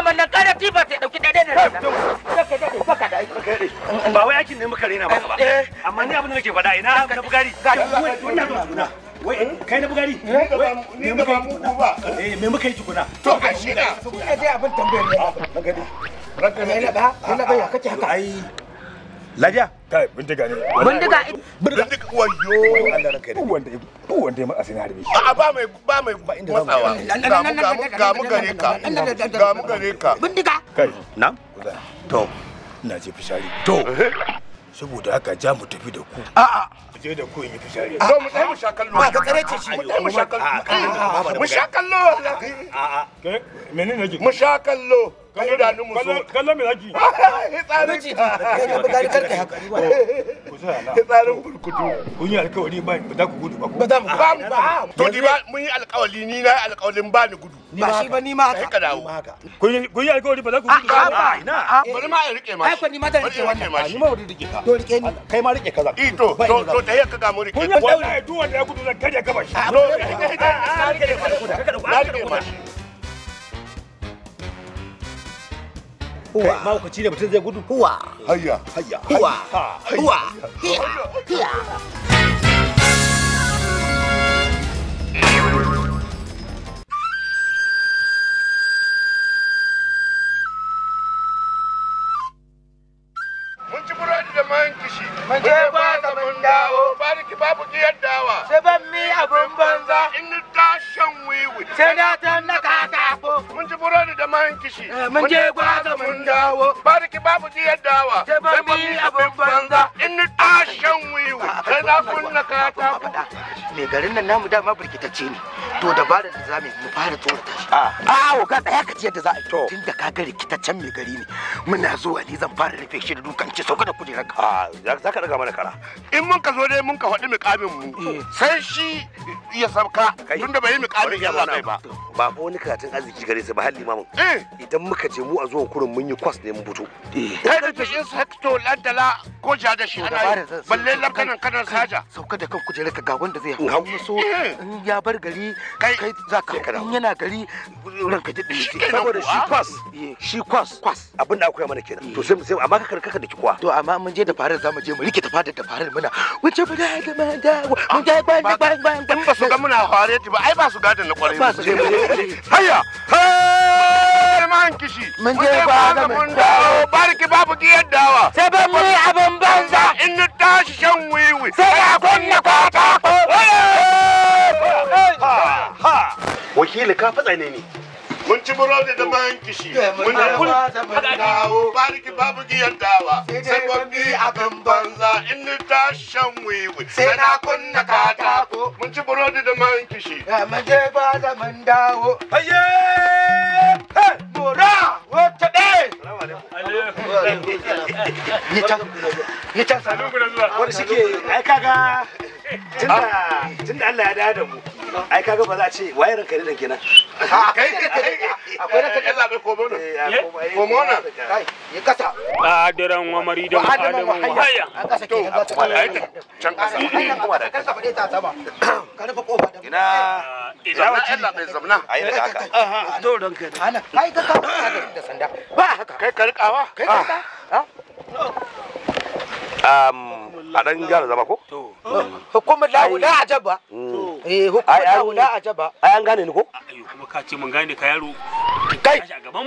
naman nan kare tifa sai dauki daidai da nan ba wai aikin ne muka rena ba eh, eh. amma ni abin da nake faɗa ina na bugari wai eh? kai na bugari ne muka yi ba eh me muka yi tukuna to a shi da sai abin tambayar ne ah, ranka ne ranka ne ba ne ba ya kace haka ai Lafiya? Kai, bindiga ne. Bindiga. Bindiga wayo. Allah ranka da. Wanda wanda ma asina harbi. A'a ba mai ba mai matsawa. Ga mu gare ka. Ga mu gare ka. Bindiga. Kai. Na? To. Ina ce fishari. To. Saboda haka ja mu tafi da ku. A'a. je da koyin yi fishari ah, mu dai mu sha kallo ah, ka tsare ce shi mu dai mu sha kallo mu sha kallo a menene nake mu sha kallo mu so me ci ka bugari karka haka ku sa na tsarin burkutu kun yi alkawari ba ba za ku gudu ba ko ba mu ba ah, to di ba mun yi alkawari ni na alkawarin ba ni gudu ba shi ba ni ma haka ka dawo kun yi alkawari ba za ku gudu ba ba ina eh. bari ma ya rike ma ai ko ni ma da rike wannan ni ma wuri rike ka to rike ni kai ma rike kaza eh, to to to kai ka muri kun ya kai duk wanda ya gudu zan kare ka bashi no huwa ma ku ci da mutum zai gudu huwa hayya hayya huwa huwa hiya hiya in ta shan wiwi sai na ta a katako mun ci burodi da man kishi mun je gwaza mun dawo bariki babu diyar dawa sai babu abin banza in ta shan wiwi sai na kunna katako me garin nan namu dama burkitacce ne to dabarar da zamu mu fara tsorata shi a ah. a ka tsaya ka ji yadda za a yi tun da kaga rikitaccen mai gari ne muna zuwa ne zan fara rufe shi da dukan ce sauka da kujerar ka a ah, za ka daga mana kara in mun ka zo dai mun ka faɗi mukamin mu eh. sai shi ya sabka tun da bai yi mukamin ya zaɓe ba ba ko wani karatun arziki gare su ba har limamin eh. idan muka je mu a zuwan kurin mun yi kwas ne mun fito eh. kai da ta tashin sakto lantala ko ja da shi ana yi balle lakanan kanan saja sauka da kan kujerar ka ga wanda zai hau so ya bar gari kai za ka in yana gari ranka ji dinki saboda shi kwas eh. shi kwas kwas abin da akwai mana kenan to sai mu sai amma ka karkaka da kikwa to amma mun je da farar zamu je mu rike ta fadar da farar muna wuce ah, ba da da ba da mun ga ba ba ba ba ba su ga muna fare ba ai ba su gadan na kwarai ba su je mu hayya man kishi mun je ba da mun dawo barki babu giyar dawa sai ban mu abin banza in tashi shan wiwi sai a kunna kwata wakili ka fa ne ne mun ci burodi da bayan kishi mun da kul dawo bariki babu giyan dawa sai a abin banza in ta shan wiwi sai na kunna katako mun ci burodi da bayan kishi mun je ba da mun dawo haye bora wata ɗaya ni can ni can sanu wani suke ai kaga tunda Allah ya mu ai kaga ba za a ce waye ranka ne kenan kai kai akwai ranka ne zabe ko bono eh, ko mona kai ya kasa adiran wamari da adam wahaya an kasa ke ba ta can kasa kuma da kasa fade ta sama ka rufe kofa da ina eh, ina wace Allah bai zamna ai da haka to ranka ne ana kai ka ka da sanda ba haka kai ka rikawa kai ka ah. Ah. Ah. um a dan gyara zama ko hukumar la wula a jaba mm. eh hukumar la wula a jaba ai an gane ni ko kuma ka ce mun gane ka yaro kai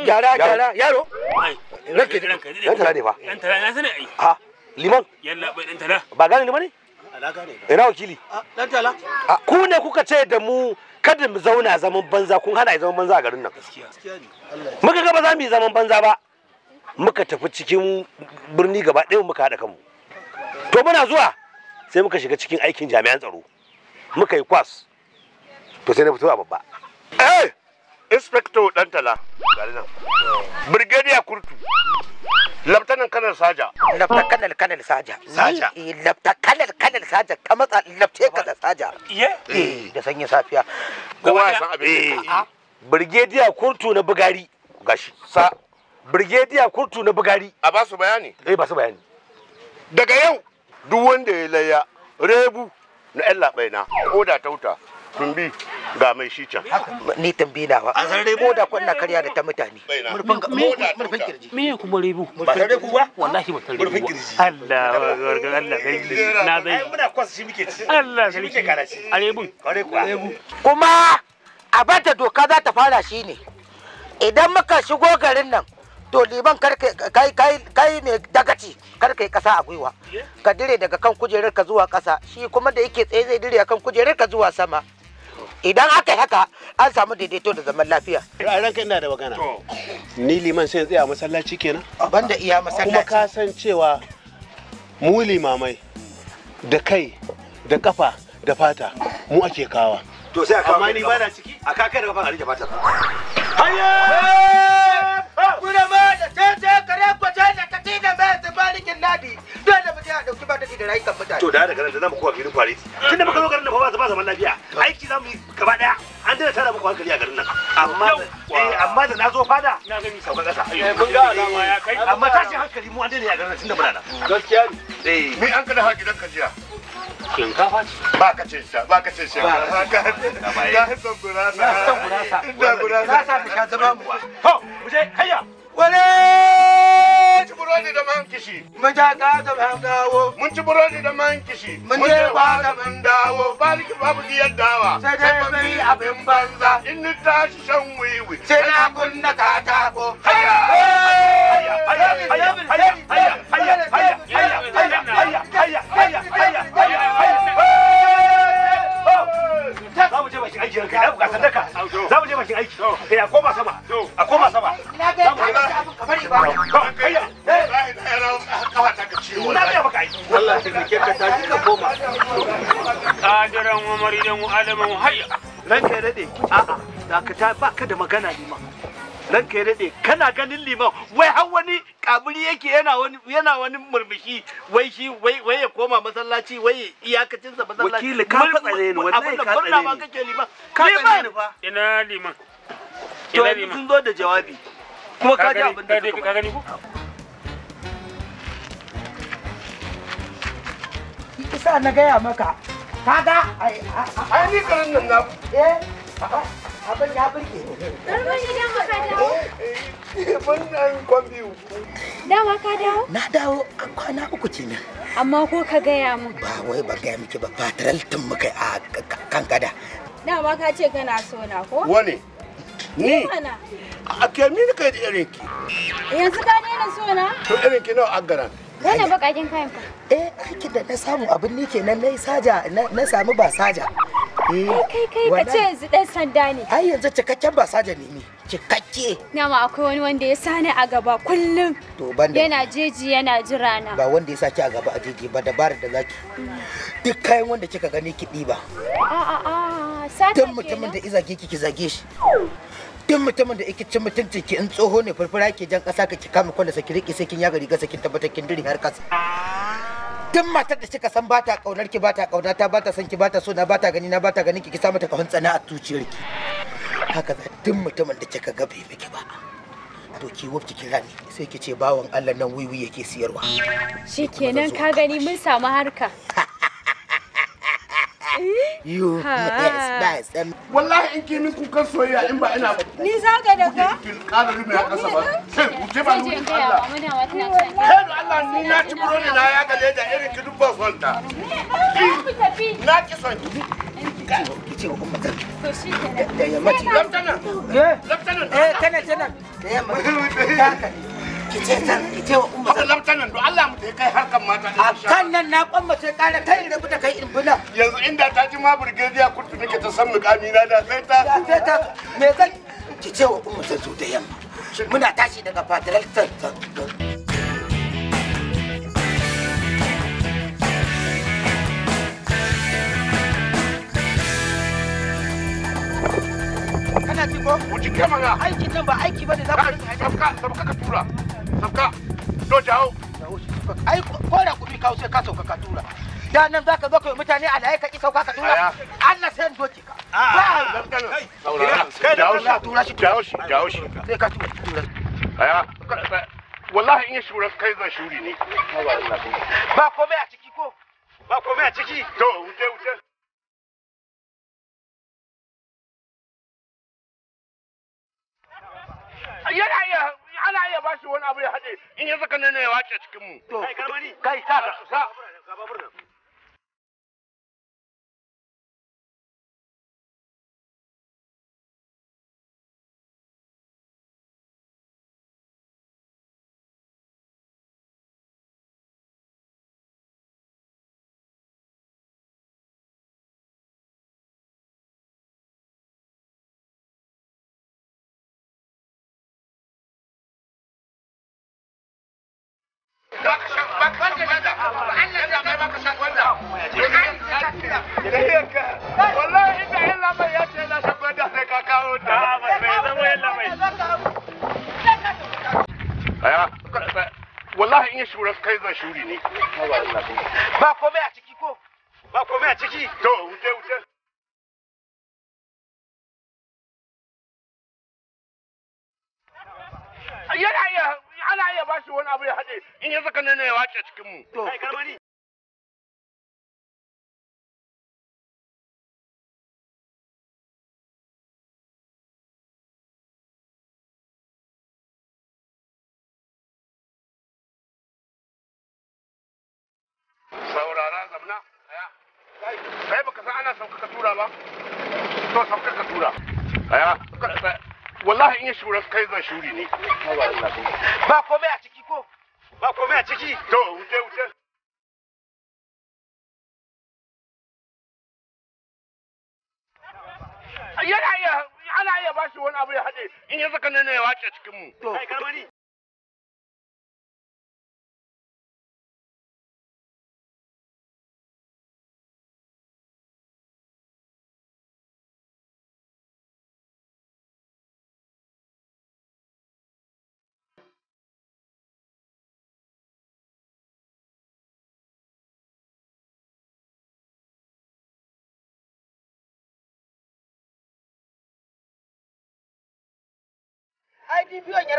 Yara yara yaro rake dan tara ne fa dan tara na sani ai ha liman yalla bai dan tara ba gane ni liman ne ina wakili dan tara ku ne kuka ce da mu kada mu zauna zaman banza kun hana zaman banza a garin nan Gaskiya. muka ga ba za mu yi zaman banza ba muka tafi cikin birni gaba ɗaya muka haɗa kanmu to muna zuwa sai muka shiga cikin aikin jami'an tsaro muka yi kwas to sai na fito a babba eh inspector dantala nan brigadier kurtu laftanan kanar saja laftanan kanar kanar saja saja eh, laftanan kanar kanar saja ta matsa lafte ka da saja eh da sanyin safiya kowa ya san abin ah. brigadier kurtu na bugari gashi sa brigadier kurtu na bugari a ba su bayani eh ba su bayani daga yau duk wanda ya laya rebu na yan labaina ko da tauta tumbi ga mai shi can ni tumbi na ba a zarre ko da kwanna karya da ta mutane murfin kirji me kuma rebu ba san rebu ba wallahi ba san rebu murfin kirji Allah garga Allah kai na zai ai muna kwasa shi muke ci Allah shi muke karaci a rebu rebun rebu kuma a bata doka za ta fara shi ne idan muka shigo garin nan to liman kai ne dagaci kar kasa a gwiwa ka dire daga kan kujerar ka zuwa kasa shi kuma da yake tsaye zai dire kan kujerar ka zuwa sama idan aka haka an samu daidaito da zaman lafiya a ranka ina da magana ni liman sai tsaya masallaci kenan banda iya masallaci kuma ka san cewa mu limamai da kai da kafa da fata mu ake kawa to sai a kawo amma ni ba na ciki a kakar da kafa a rike fata hayya Kuna ma da tete kare kwace da kati da mai zubarikin nadi. Dole mu je a dauki ba take da rayukan mutane. To da da garin da zamu kwari. Tun da muka zo garin da ba ba zaman lafiya. Aiki zamu yi gaba daya. An dana tara muku hankali a garin nan. Amma eh, amma da na zo fada na gani sauka kasa. Eh, mun ga alama ya kai. Amma tashin hankali mu an dana ya garin nan tun da muna nan. Gaskiya ne. Eh. an kada kajiya. shinkafa ce ba ka ce sha ba ka cin shinkafa ka ka ce gurasa na san gurasa inda gurasa ka zama mu ho mu je Wale! Ci burodi da man kishi. Mun ja ka da man dawo. Mun ci burodi da man kishi. Mun je ba da ban dawo. Baliki babu diyar dawa. Sai dai bai abin banza. In ni tashi shan wiwi. Sai na kunna katako. Haya! Haya! Haya! Haya! Haya! Haya! Haya! Haya! Haya! Haya! Haya! Haya! Haya! Haya! za mu je bakin aiki ranka ina bukatar daka za mu je bakin aiki a koma sama a koma sama ina ga ka ka bari ba kai ya ina ga baka aiki wallahi da ke ka tashi ka koma kadiran umari dan alaman hayya ranka dade a'a dakata baka da magana ne ma dan kai daɗe kana ganin liman wai har wani kaburi yake yana wani yana wani murmushi wai shi wai wai ya koma masallaci wai iyakacin sa masallaci wakili ka fa tsare ni wallahi ka tsare ni abin da kake liman ka fatsare ni fa ina liman ina liman to sun zo da jawabi kuma ka ji abin da ka gani ko sa na gaya maka kaga ai ai ni kan nan na eh abin ya burge Darbashi dama ka dawo? Mun eh, eh, nan kwan biyu. Dama ka dawo? Na dawo a kwana uku ce ne. Amma ko ka gaya mu? Ba wai ba gaya miki ba fataral tun muka a kan gada. Dama ka ce kana so na ko? Wane? Ni? A ke mi ni kai da irin ki. Yanzu ka daina so na? To irin ki nawa a garan. Gane bakakin kayan ka. Eh, aiki da na samu abin ne kenan saja na samu ba saja. Eh, kai kai ka ce yanzu dan sanda ne ai yanzu cikakken ba saja ne cikakke nama akwai wani wanda ya sani a gaba kullum to banda yana jeji yana jira na ba wanda ya saki a gaba a jeji ba dabarar da zaki mm. duk kayan wanda kika gani ki ɗiba a a a sata kenan. mutumin da izage ki ki zage shi duk mutumin da yake cin mutunci ki in tsoho ne furfura ke jan ƙasa ka ki kama kwalla saki rike sai kin yaga riga sakin tabbatar kin diri har kasa duk matar da kika san bata kaunar ki bata kauna ta bata son ki bata so na bata gani na bata ganin ki ki samu ta kawun tsana a tuciyar ki haka za duk mutumin da kika ga bai miki ba to ki wufci kira sai ki ce bawan Allah nan wiwi yake siyarwa shikenan ka gani mun samu harka yo yes ba wallahi in min soyayya in ba ina ni zaga da ka kada rubi a kasa ba kai ku ba Allah da Allah ni na ci na ya da irin sonta ah, na ki son ki ce da eh eh tana tana da ki ce zan ki ce wa umma zan lamta nan do Allah mu kai harkan mata a kan nan na kwamma sai kare kai rabu da kai in bula yanzu inda ta ji ma brigadier kurtu nake ta san mukami na da sai ta da sai ta me zan ki ce wa umma ta zo da yamma muna tashi daga federal kana ji ko? Wuce kai mana. Aiki nan ba aiki bane za ka rinka haifar. Sabka ka tura. Sauka. To jawo. Ai ko da kuɗi kawo sai ka sauka ka tura. Da nan ka zo kai mutane a laye ka ki sauka ka tura. Allah sai in doke ka. Jawo shi. Tura shi. Jawo shi. Jawo shi. Sai ka tura. Aya. Wallahi in ya shura kai zan shuri ne. Ba komai a ciki ko? Ba komai a ciki. To wuce wuce. Yana iya ana iya ba shi wani abu ya haɗe in ya zaka ne ya wace cikin mu. Kai garmani. Kai sa Ga babur nan. shura kai zan shuri ne ba komai a ciki ko ba komai a ciki to wuce wuce yana iya ana iya bashi wani abu ya haɗe in ya saka ne ya wace cikin mu to saurara zamna sai baka san ana sauka ka tura ba to sauka ka tura aya wallahi in ya shura kai zan shuri ne ba komai a ciki ko ba komai a ciki to wuce wuce yana iya ana iya bashi wani abu ya haɗe in ya zaka ne ya wace cikin mu to ai bibiyon ya ne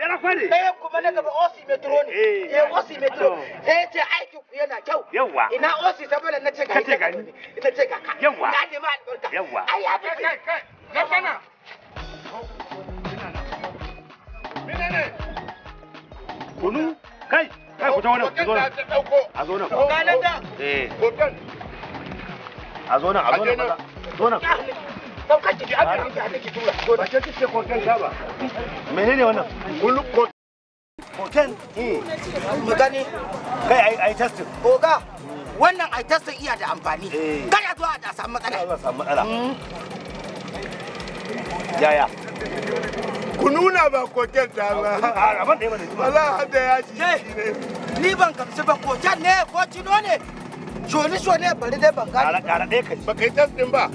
ya rakwa ne gaba osi metro ne eh, eh osi metro sai ce ku yana kyau ina osi saboda na ce ga ita ga ita ce ka na nemi albarka ai ya kai na kana menene kunu kai kai ku ta wani ku zo eh. a zo nan a zo nan a zo nan zo nan sauka ki ji abin da ake tura ba ce ce koken ta ba menene wannan kullu koken eh. mu gani kai ai ai testing oga wannan ai testing iya da amfani eh. kada zuwa da samu matsala Allah samu matsala hmm. yaya ku nuna ba koken ta ba wala hada ya ci eh, ni ban kamsu ba koken ne ko cino ne shoni shoni bari dai ban gani kara kara kai ba kai ba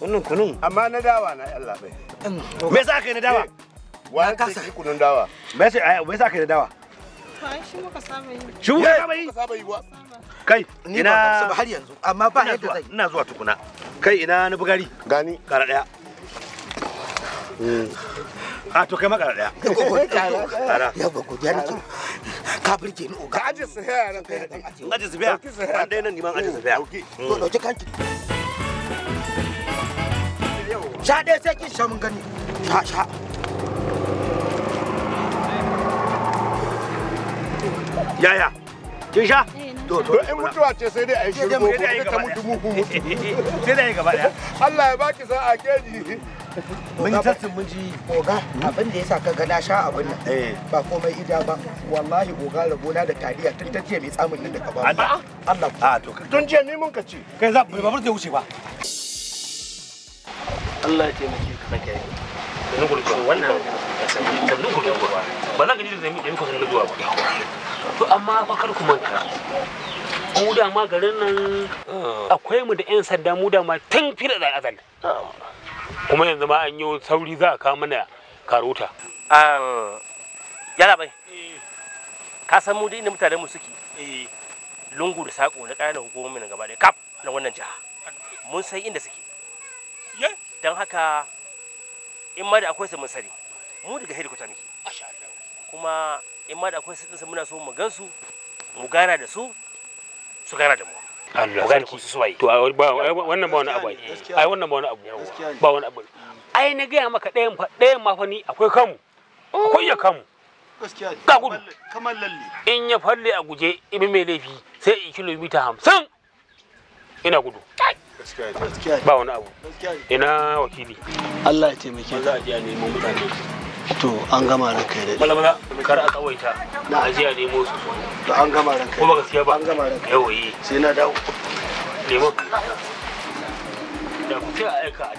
Wannan kunun. Amma na dawa na Allah bai. Me yasa kai na dawa? Eh, wa ka sa ki kunun dawa? Me yasa eh, me yasa kai na dawa? Shi muka saba yi. Shi muka saba yi? Saba yi ba. Kai ina saba har yanzu amma ba yadda zai. Ina zuwa tukuna. Kai ina na bugari. Gani. Kara daya. Hmm. A to kai ma kara daya. Kara. Ya ba ku jani ki. Ka burge ni oga. Ka aje su haya nan kai. Aje su haya. Ban dai nan ni ma aje su haya. To dauki kanki. sha ɗaya sai kin sha mun gani sha sha yaya kin sha eh, to to in mutuwa ce sai dai a yi shiru ko ta mutu mu mutu sai dai gaba daya Allah ya baki a keji mun tattun mun ji oga abin da yasa ka gana sha abin nan eh. ba komai ida ba wallahi oga rabona da tariya tun ta ce mai tsamin nan da ka ba Allah a to tun jiya ni mun ka ce kai za ba bar zai wuce ba Allah ya taimake ka nake yi gurgu wannan da gurgu ba za ka ji da zai muku sanin zuwa ba to amma fa kar ku manta mu da ma garin nan ah. akwai mu da yan sanda mu da ma tun fira da azal ah. kuma yanzu ma an yi sauri za a kawo mana karota ah, yala bai eh. ka san mu da inda mutanen mu suke eh. lungu da sako na ƙananan na gaba ɗaya kaf na wannan jiha mun san inda suke Eh, don haka in ma da akwai su mun sani mu daga hedikwata muke kuma in ma da akwai su ɗinsa muna so mu gan su mu gana da su su gana da mu Allah gani ku su suwaye to wannan ba wani abu ai wannan ba wani abu ba wani abu mm. ai na gaya maka ɗayan ɗayan ma fa ni akwai kanmu akwai ya kanmu gaskiya ga gudu kamar lalle in ya falle a guje ibi mai laifi sai kilomita 50 ina gudu ba wani abu ya taimake ka nemo mutane to an gama ran kai da kar a tsawaita na ajiya nemo su to an gama ran kai gaskiya ba an gama ran kai yawaye eh. sai na dawo nemo da a aika a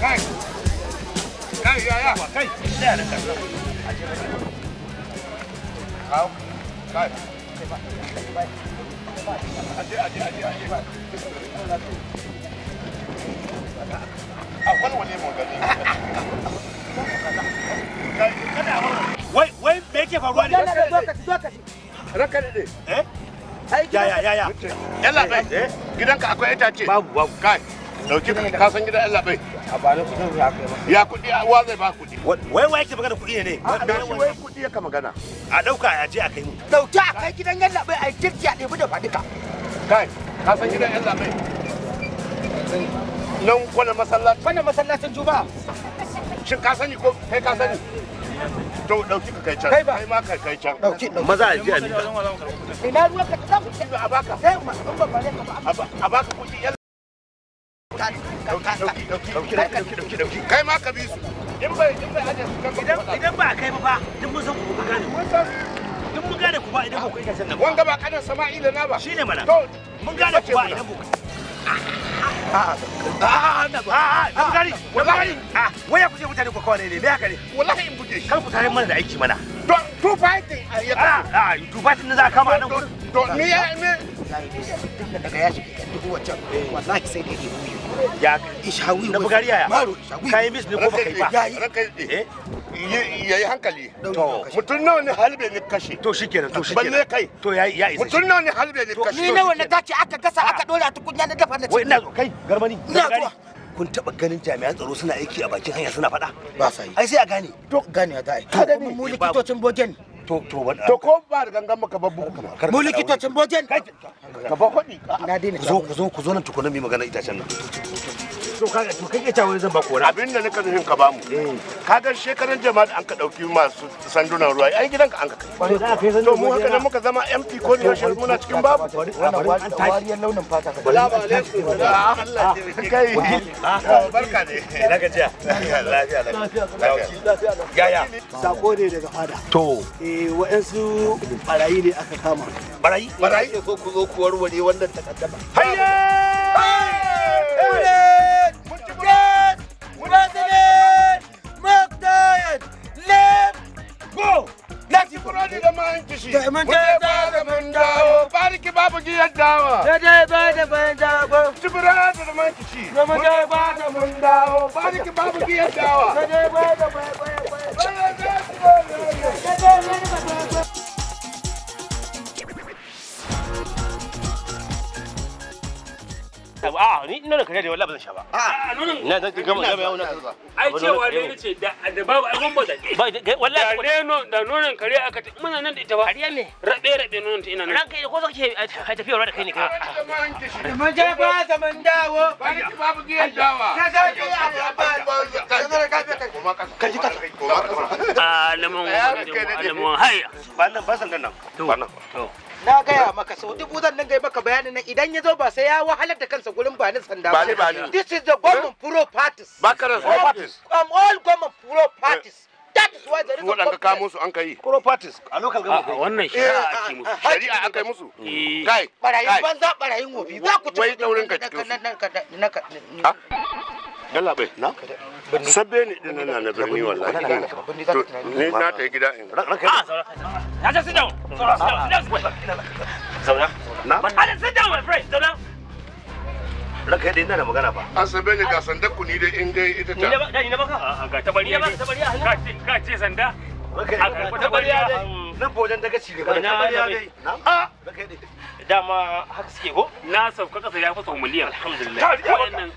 kai kai ya ya kai wai me yake babu babu kai gidan bai ya uwa zai ba wai wai ke magana kuɗi ne a da shi wai kuɗi ya ka magana a ɗauka a je a kai mu dauta a kai gidan yan labai a yi kirki a ɗebi da faɗika kai ka san gidan yan labai nan kwana masallaci kwana masallacin juba shin ka sani ko kai ka sani to ɗauki ka kai can kai ba kai ma kai kai can dauki maza a ji a nika ina ruwa ka ta ku a baka sai ma in ba bare ka ba a baka kuɗi yan dauki dauki dauki dauki dauki kai ma ka bi su in bai in bai aje su kanka idan idan ba kai ba fa duk mun san ku ba gane mun san duk mun gane ku ba idan ba ku kai san wanga ba na ba shine mana to mun gane ku ba idan ku waya kuje mutane ku kawai ne me haka ne wallahi in buge shi kar mana da aiki mana don two fighting a ya ah two fighting ne za kama nan gurin don ya kai ne ko baka yi ba to nawa ne halbe ne to shikenan to shikenan to ya nawa ne halbe ne ni nawa aka gasa aka dora tukunya dafa na ina kai garmani taba ganin jami'an tsaro suna aiki a bakin hanya suna faɗa ba sai ai sai a gane to gane ta ai to mu likitocin bogen to to ba to ko ba da gangan maka ba buku mu likitocin bojen ka ba kwadi na dina zo ku zo nan tukuna mi magana itacen nan to kaga to kake ta wani zan kora abin da nika zuhin ka ba mu mm. shekaran jama'a an ka dauki masu sandunan ruwa ai gidanka an ka kai to mu haka nan muka zama MP ko ne yaushe muna cikin babu wannan wariyar launin fata ka salamu alaikum ah, Allah ya kai ah, ah. barka ne ina ga jiya lafiya lafiya yaya sako ne daga fada to eh wa'ansu barayi ne aka kama barayi barayi ko ku zo ku warware wannan takaddama hayya Hey! Caleb, go! Lati kurani da man kishi. Da mun da da Bariki babu giyar Da da ba da ban dawo. Tubura da man kishi. Da mun da ba da mun dawo. Bariki babu giyar dawa. Da da ba da ban dawo. a ni ina kare da wallahi ba sha ba a nonon na zan gama gama yawo na ai cewa ne eh. nace da da babu ai gumba da wallahi da reno da nonon kare aka ta muna nan da ita ba kariya ne rabe rabe nonon ta ina nan ranka ko zaka a tafi da kai ne kai da man ja ba zaman dawo ba ki babu giyan dawa ka ga ki a ba kuma ka ka ji ka kuma ka alamun hayya ba nan ba san nan to to na gaya maka sau dubu zan dinga yi maka bayanin nan idan ya zo ba sai ya wahalar da kansa gurin ba ni sanda ba this is the government eh? pro parties ba pro parties I'm all government pro parties eh. that is why there is a ka musu an kai pro parties a local government ah, wannan eh, shari'a ah, musu ah, shari'a kai musu kai barayin banza barayin wofi za ku ci wai daurin ka cikin su galabe na sabbe ne din nan na birni wallahi ni na ta gida in na ta ah, sit down zauna na ba ta my friend zauna ranka dai ina da magana fa an ah, sabbe ne ga sandar ku ni dai in dai ita ta ni na baka ah, ga tabari ne ga ga ce sanda ranka dai tabari nan bojan daga ci gaba tabari dai na a ranka dai dama haka suke ko na sauka kasa ya fasa miliyan alhamdulillah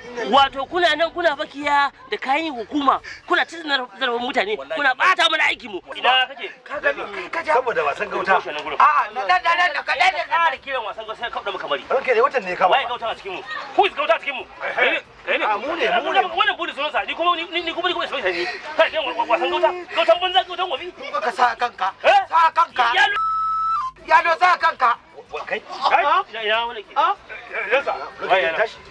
wato kuna nan kuna bakiya da kayan hukuma kuna ci zarafin mutane kuna bata mana aiki mu ina kake ja saboda wasan gauta a'a na da da da ka da da ka kiran wasan gauta sai K'a muka bari ranke ne watan ne ka ba wai gauta a cikin mu ku is gauta a cikin mu kai ne mu ne mu ne wannan budi sunan sa ni kuma ni ni kuma ni kuma sai ni ka kiran wasan gauta gautan banza gautan wabi ka sa kanka eh? sa kanka ya lo sa kanka kai kai ah, ah. ina wani ki a yasa ka! tashi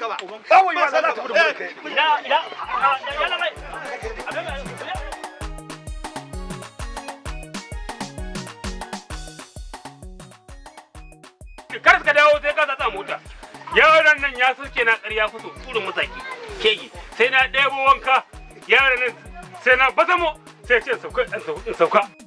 ka ba kawai ma za ta tafi da mulki ya ya ya mai kar ka dawo sai ka tsatsa mota yaran nan ya suke na ƙarya fito tsurin mutaki kegi sai na ɗebo wanka yaran nan sai na bazamo sai ce sauka sauka